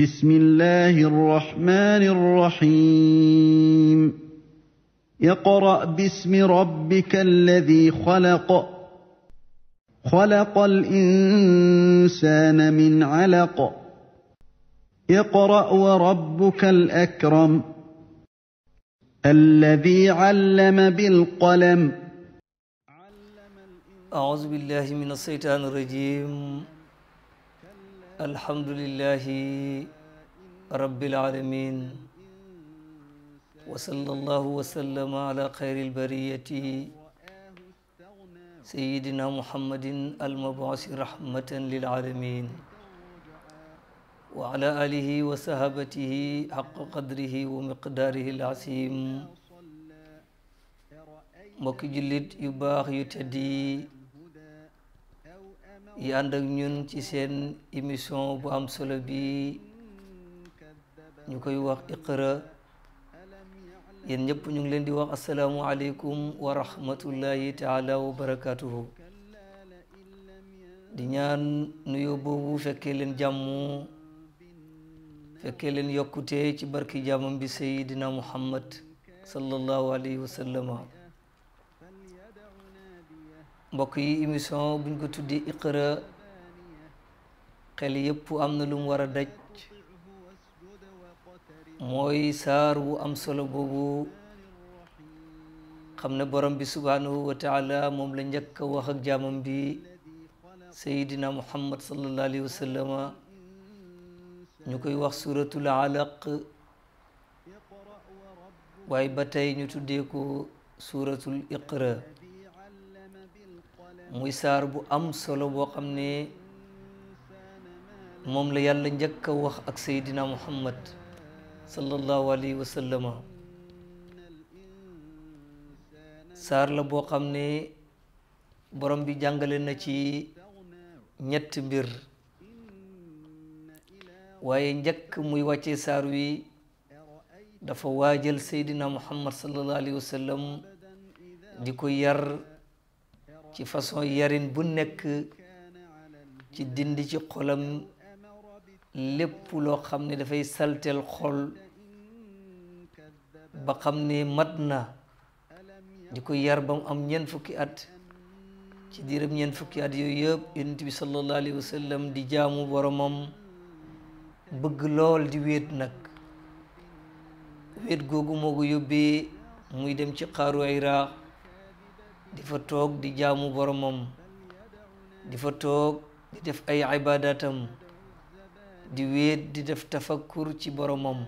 بسم الله الرحمن الرحيم اقرأ باسم ربك الذي خلق خلق الإنسان من علق اقرأ وربك الأكرم الذي علم بالقلم أعوذ بالله من الشيطان الرجيم alhamdulillahi rabbil alamin wa sallallahu wa sallama ala xayril bariyati sayyidina muhammadin almabuusi rahmatan lil alamin wa ala alihi wa sahabatihi xaqa qadrihi wa miqdaarihi al-aziim mbokki jullit yu baax yu teddi yi ànd ñun ci seen émission bu am solo bi ñu koy wax iqra yéen ñëpp ñu ngi leen di wax asalaamualeykum wa rahmatullahi taala wa barakatuhu di ñaan nuyoo boobu fekkee leen jàmm fekkee leen yokkute ci barki jàmmam bi sayidina muhammad sallallahu alayhi wa sallama mbokk yi émission buñ ko tuddee iqra xel yëpp am na lum war a daj mooy saar bu am solo boobu xam ne borom bi subhaanahu wa taala moom la njëkk a wax ak jaamam bi sayidina muhammad sallallahu alayhi wa sallama ñu koy wax suratul alaq waaye ba tey ñu tuddee ko suratul iqra muy saar bu am solo boo xam ne moom la yàlla njëkk a wax ak seydina muhammad sallallahu alayhi wa saar la boo xam ne borom bi jàngale na ci ñetti mbir waaye njëkk muy wàcce saar wi dafa waajal seydina muhammad sallallahu alayhi wa di koy yar ci façon yarin bu nekk ci dind ci xolam lépp loo xam ne dafay salteel xol ba xam ne mat na di ko yar ba mu am ñeent fukki at ci diiram ñeent fukki at yooyu yëpp yonent bi sallallahu alayhi wa di jaamu boromam bëgg lool di wéet nag wéet googu moo ko yóbbee muy dem ci xaaru ay raax di fa toog di jaamu boromam di fa toog di def ay ibadatam di wéet di def tafakkur ci boromam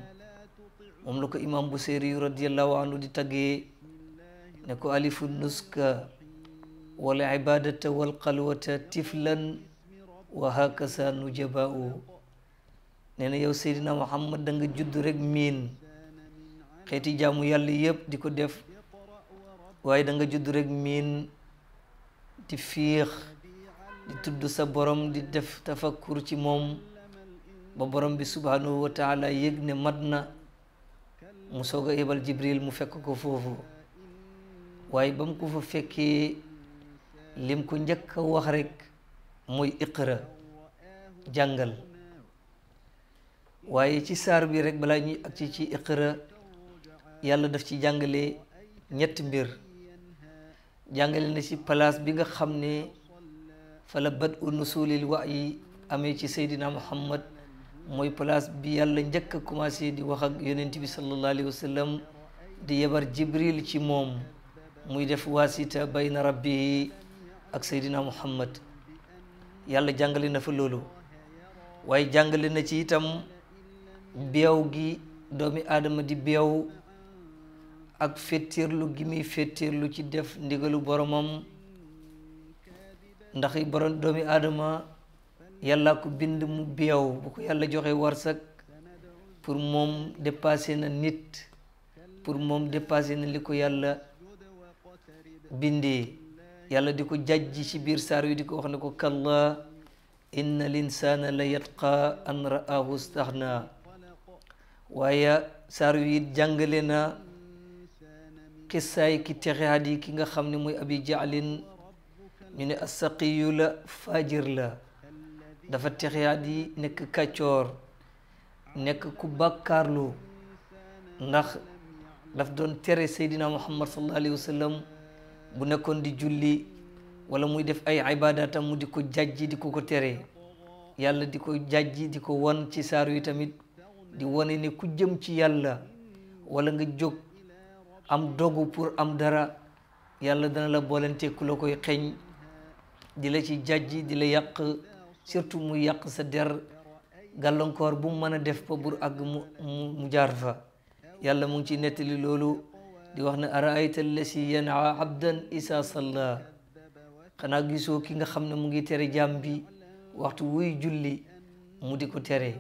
moom la ko imam Busiri radiallahu anhu di taggee ne ko alifu nuska wal ibadata wal xalwata tiflan wa hakasa nu jabaa'u nee na yow Muhammad da judd rek miin xeeti jaamu yàlla yépp di ko def waaye danga nga judd rek miin di fiix di tudd sa borom di def tafakkur ci moom ba borom bi subhanahu wa taala yëg ne mat na mu soog a yebal jibril mu fekk ko foofu waaye ba mu ko fa fekkee lim ko njëkk a wax rekk mooy iqra jàngal waaye ci saar bi rek balaa ñuy ak ci ci yàlla daf ci jàngale ñetti mbir jàngale na ci place bi nga xam ne fa la bad u nusulil wa yi amee ci Seydina Muhammad mooy place bi yàlla njëkk a commencé di wax ak yonent bi sallallahu alayhi wa sallam di yebar Jibril ci moom muy def waasita bayna rabbihi ak Seydina Muhammad yàlla jàngale na fa loolu waaye jàngale na ci itam beew gi doomi aadama di beew ak féttirlu gi muy ci def ndigalu boromam ndax borom doomi aadama yàlla ko bind mu beew bu ko yàlla joxe warsak pour moom dépassé na nit pour moom dépassé na li ko yàlla bindee yàlla di ko jajji ci biir saar wi di ko wax ne ko kalla inna linsaana la yatqa an ra'ahu staxna waaye saar wi jàngale na xisaay ki texeaat yi ki nga xam ne mooy abi jaalin ñu ne asaqiyu la fajir la dafa texeaat yi nekk kàccoor nekk ku bàkkaarlu ndax daf doon tere seydina muhammad sallallahu alayhi wa sallam bu nekkoon di julli wala muy def ay ibadatam mu di ko jajji di ko ko tere yàlla di ko jajji di ko won ci saaru yi tamit di wane ne ku jëm ci yàlla wala nga jóg am dogu pour am dara yàlla dana la boolente ku la koy xeeñ di la ci jàjji di la yàq surtout mu yàq sa der gàllankoor bu mu mën a def pa bur àgg mu mu jaar fa yàlla mu ngi ci nettali loolu di wax na ne araayta allasi yanaa abdan isa salla xanaa gisoo ki nga xam ne mu ngi tere jaam bi waxtu wuy julli mu di ko tere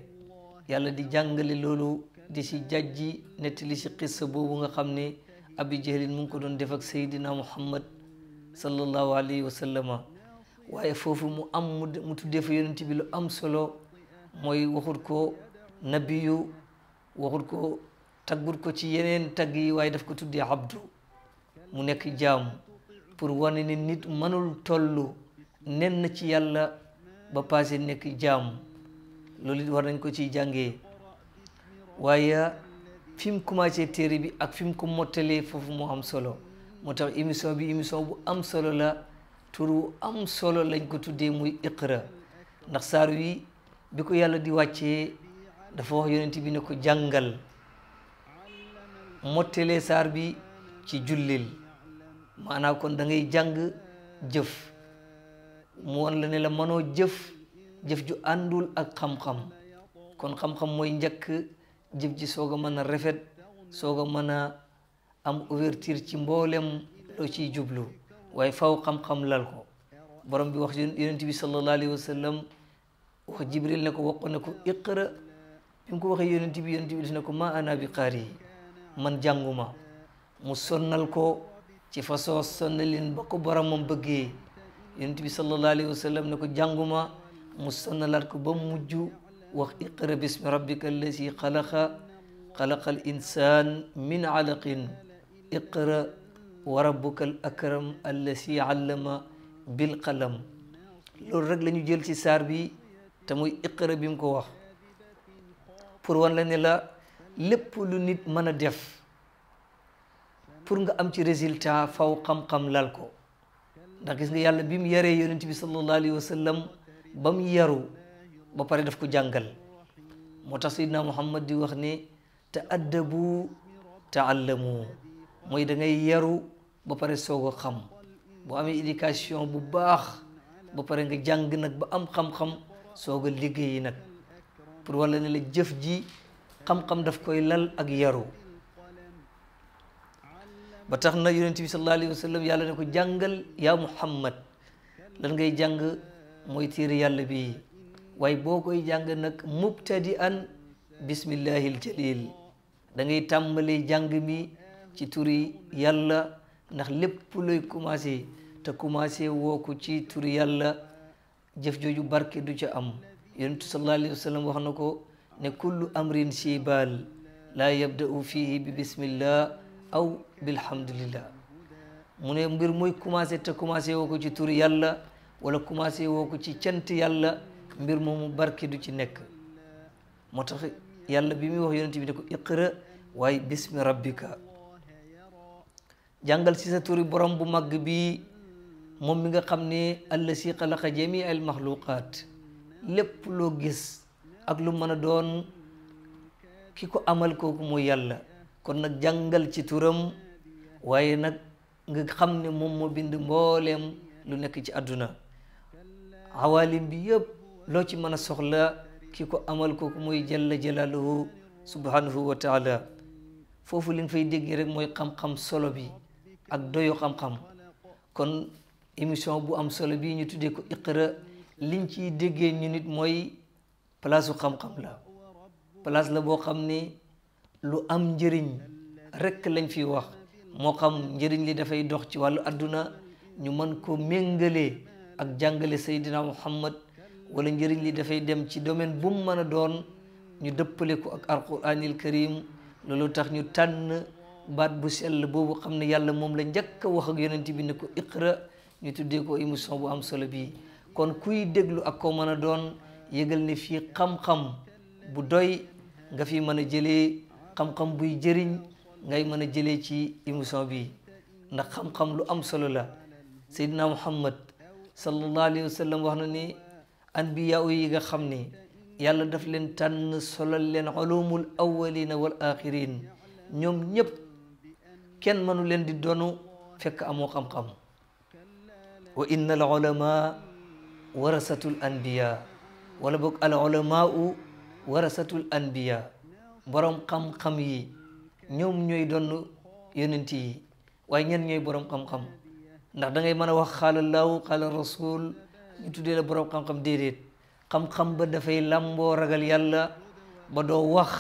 yàlla di jàngale loolu di si jàjji nettali si xissa boobu nga xam ne abi jahlin mu ngi ko doon def ak Seydina Muhammad sallallahu alayhi wa sallama waaye foofu mu am mu tuddee fa yonent bi lu am solo mooy waxut ko nabiyu waxut ko taggut ko ci yeneen tagg waaye daf ko tuddee abdu mu nekk jaam pour wane ne nit mënul tollu nenn ci yàlla ba passé nekk jaam loolu it war nañ ko ciy jàngee waaye fi mu commencé téere bi ak fi mu ko mottalee foofu moo am solo moo tax émission bi émission bu am solo la turu am solo lañ ko tuddee muy iqra ndax saar wi bi ko yàlla di wàccee dafa wax yonent bi ne ko jàngal mottalee saar bi ci jullil maanaam kon dangay jàng jëf mu woon la ne la mënoo jëf jëf ju àndul ak xam-xam kon xam-xam mooy njëkk jëf ji soog a mën a rafet soog a mën am ouverture ci mboolem loo ciy jublu waaye faw xam-xam lal ko borom bi wax yonent bi sallallahu alayhi wa jibril ne ko wax ne ko iqra bi ko waxee yonent bi yonent bi def ko ma ana bi man jànguma mu sonnal ko ci façon sonnalin ba ko bëggee yonent bi sallallahu alayhi ko jànguma wax iqra bismi rabbika allazi xalaqa xalaqa al insan min alaqin iqra wa rabbuka al akram allazi bil qalam loolu rek la ñu jël ci saar bi te muy iqra bi mu ko wax pour wan la ne la lépp lu nit mën a def pour nga am ci résultat faw xam-xam lal ko ndax gis nga yàlla bi yare yaree yonent bi sallallahu alayhi wa yaru ba pare daf ko jàngal moo tax Seydina Muhammad di wax ni te addabu taallamu mooy da ngay yaru ba pare soog xam boo amee éducation bu baax ba pare nga jàng nag ba am xam-xam soog a nag pour walla ne la jëf ji xam-xam daf koy lal ak yaru ba tax na yonent bi sallallahu alayhi wa sallam yàlla ne ko jàngal yaa Muhammad lan ngay jàng mooy téere yàlla bi waay boo koy jàng nag mubtadi an bismillahil jalil da ngay tàmbali jàng mi ci turi yàlla ndax lépp looy commencé te commencé woo ko ci turi yàlla jëf jooju barke du ci am yonentu sallallahu alayhi wa sallam wax na ko ne kullu amrin sibaal laa yabda'u fihi bi bismillah aw bilhamdulillah mu ne mbir muy commencé te commencé woo ko ci turi yàlla wala commencé woo ci cant yàlla mbir moomu barke du ci nekk moo tax yàlla bi muy wax yonent bi ne ko iqra waaye bismi rabbika jàngal ci sa turi borom bu màgg bi moom mi nga xam ne allasi xalaqa jamia al maxluqaat lépp loo gis ak lu mën a doon ki ko amal ko mooy yàlla kon nag jàngal ci turam waaye nag nga xam ne moom moo bind mboolem lu nekk ci àdduna awalim bi yëpp loo ci mën a soxla ki ko amal ko mooy jalla jalaaluhu subhanahu wa taala foofu liñ fay dégg rek mooy xam-xam solo bi ak doyo xam kon émission bu am solo bi ñu tuddee ko iqra liñ ciy déggee ñu nit mooy palaasu xam-xam la place la boo xam ni lu am njëriñ rekk lañ fi wax moo xam njëriñ li dafay dox ci wàllu adduna ñu mën ko méngale ak jàngale Seydina Muhammad wala njëriñ li dafay dem ci domaine bu mu mën a doon ñu dëppale ko ak alquranil karim loolu tax ñu tànn baat bu sell boobu xam ne yàlla moom la njëkk a wax ak yonent bi ne ko iqra ñu tuddee ko émission bu am solo bi kon kuy déglu ak koo mën a doon yëgal ne fii xam-xam bu doy nga fi mën a jëlee xam-xam buy jëriñ ngay mën a jëlee ci émission bi ndax xam-xam lu am solo la Seydina Muhammad sallallahu alayhi wa wax na ni anbiyaa yi nga xam ni yàlla daf leen tànn solal leen ulumul awwalina wal axirin ñoom ñëpp kenn mënu leen di donu fekk amoo xam-xam wa inna al ulama warasatul anbiya wala boog al ulamaau warasatul anbiya borom xam-xam yi ñoom ñooy donn yonent yi waaye ñen ñooy borom xam-xam ndax da ngay mën a wax xaala ñu tuddee la borom xam-xam déedéet xam-xam ba dafay lamboo ragal yàlla ba doo wax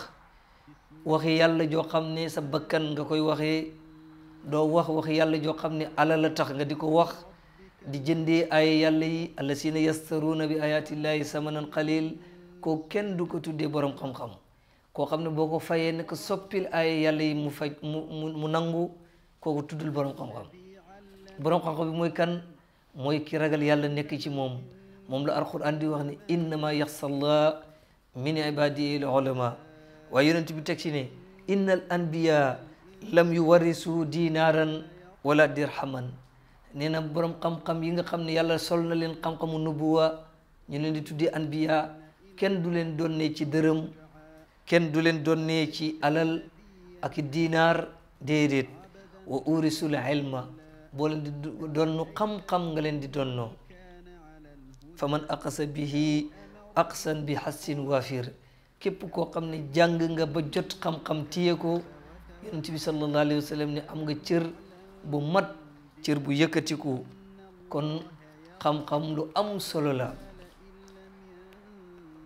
waxi yàlla joo xam ne sa bakkan nga koy waxee doo wax waxi yàlla joo xam ne ala la tax nga di ko wax di jëndee ay yàlla yi allasina yastaruuna bi ayatillahi samanan qalil koo kenn du ko tuddee borom xam-xam koo xam ne boo ko fayee ne ko soppil ay yàlla yi mu faj mu mu nangu kooku tuddul borom xam-xam borom xam-xam bi mooy kan mooy ki ragal yàlla nekk ci moom moom la alquran di wax ne innama yaxsa llah min ibadihi l ulama waaye yonent bi teg ci ne inna al anbiya lam yuwarisu dinaaran wala dirhaman nee na borom xam-xam yi nga xam ne yàlla sol na leen xam-xamu nubuwa ñu leen di tuddee anbiya kenn du leen donnee ci dërëm kenn du leen donnee ci alal ak dinaar déedéet wa urisul ilma boo leen di donnu xam-xam nga leen di donnoo fa man aqasa bihi aqsan bi hassin waafir képp koo xam ne jàng nga ba jot xam-xam téye ko yonent bi sallallahu alayhi wa sallam am nga cër bu mat cër bu yëkkatiku kon xam-xam lu am solo la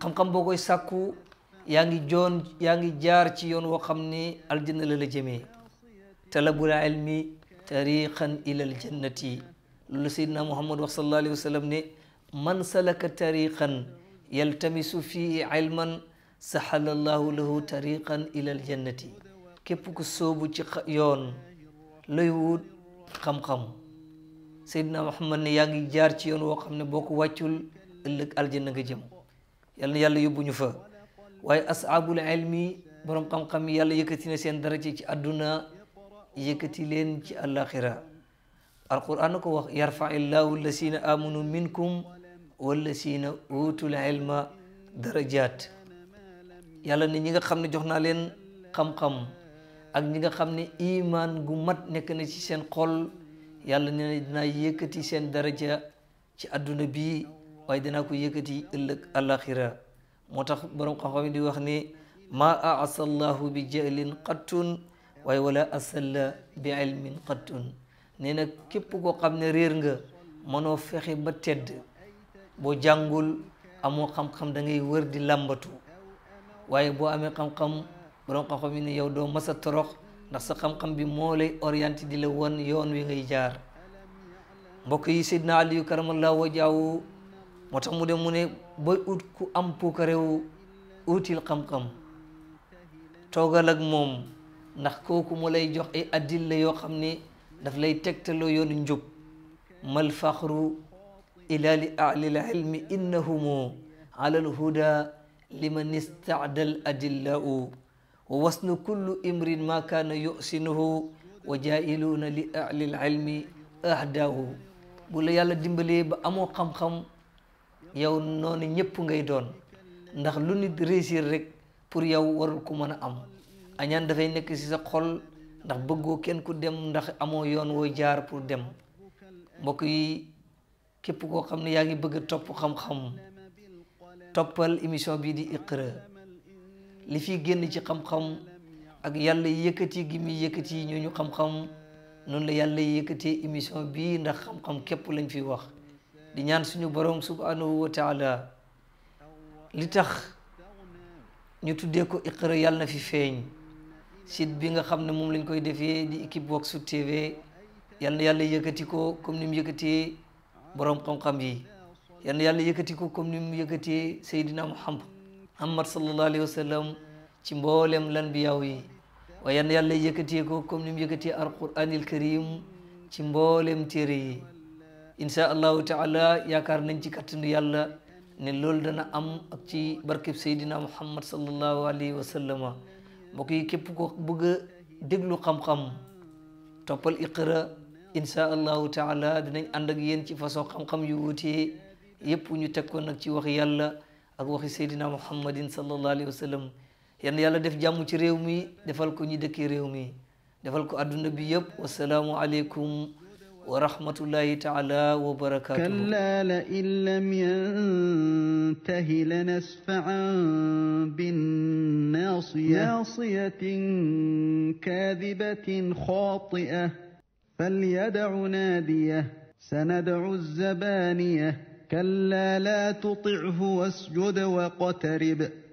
xam-xam boo koy sàkku yaa yaa ngi jaar ci yoon woo xam ni aljanna la la jëmee talabul tariqan ilal jannati loolu sayyidina muhammad wax sallallahu alayhi wa sallam ne man salaka tariqan yaltamisu fii ilman sahala llahu lahu tariqan ilal jannati képp ku soobu ci yoon lay wut xam-xam sayyidina muhammad ne yaa ngi jaar ci yoon woo xam ne boo ko wàccul ëllëg aljanna nga jëm yal na yàlla ñu fa waaye ashaabul ilmi boroom xam-xam yàlla yëkkati na seen daraja ci àdduna yëkkati leen ci àllaaxira alquran na ko wax yarfa illaahu lasina amanu minkum wallasina utul ilma darajaat yàlla ne ñi nga xam ne jox naa leen xam-xam ak ñi nga xam ne imaan gu mat nekk ci seen xol yàlla ne na dinaa yëkkati seen daraja ci àdduna bi waaye dinaa ko yëkkati ëllëg àllaaxira moo tax borom xam-xam yi di wax ne ma aasa allahu bi jahlin qattun waaye wala asalla bi ilmin qattun nee na képp koo xam ne réer nga mënoo fexe ba tedd boo jàngul amoo xam-xam da ngay wër di làmbatu waaye boo amee xam-xam borom xam-xam yi ne yow doo masa torox ndax sa xam bi moo lay di la won yoon wi ngay jaar mbokk yi sidna aliyu karamallahu wajaawu moo tax mu dem mu ne booy ut ku am puukarewu util xam-xam toogal ak moom ndax kooku mu lay jox ay adilla yoo xam ni daf lay tegtalo yoonu njub mal faxru ila li alil ilmi innahumu ala alhuda liman istaada al adillau kullu imrin ma kaana yusinuhu wa jailuuna li alil ilmi ahdaahu bu la yàlla dimbalee ba amoo xam-xam yow noonu ñëpp ngay doon ndax lu nit rek pour yow warul ko mën a am añaan dafay nekk ci sa xol ndax bëggoo kenn ku dem ndax amoo yoon wooy jaar pour dem mbokk yi képp koo xam ne yaa ngi bëgg topp xam-xam toppal émission bii di Iqra li fi génn ci xam-xam ak yàlla yëkkati gi muy yëkkati ñooñu xam-xam noonu la yàlla yëkkatee émission bii ndax xam-xam képp lañ fi wax di ñaan suñu borom subhanahu wa li tax ñu tuddee ko Iqra yàlla na fi feeñ site bi nga xam ne moom lañ koy defee di Equivox TV yal na yàlla yëkkati ko comme ni mu yëkkatee borom xam-xam yi yal na yàlla yëkkati ko comme ni mu yëkkatee Seydina Muhammad Muhammad sallallahu alayhi wa sallam ci mboolem lan bi yaaw yi waaye yal na yàlla yëkkatee ko comme ni mu yëkkatee alquranil karim ci mboolem téere yi insha allahu taala yaakaar nañ ci kattanu yàlla ne loolu dana am ak ci barkeb Seydina Muhammad sallallahu alayhi wa sallama bokk yi képp ko bëgg a déglu xam-xam toppal iqra insha allahu taala dinañ ànd ak yéen ci façon xam-xam yu wuute yépp ñu teg ko nag ci waxi yàlla ak waxi seydina muhammadin sallallahu alayhi wa sallam yan yàlla def jàmm ci réew mi defal ko ñu dëkkee réew mi defal ko adduna bi yëpp wasalaamu aleykum ورحمة الله تعالى وبركاته كلا لئن لم ينته لنسفعا بالناصية ناصية كاذبة خاطئة فليدع نادية سندع الزبانية كلا لا تطعه واسجد واقترب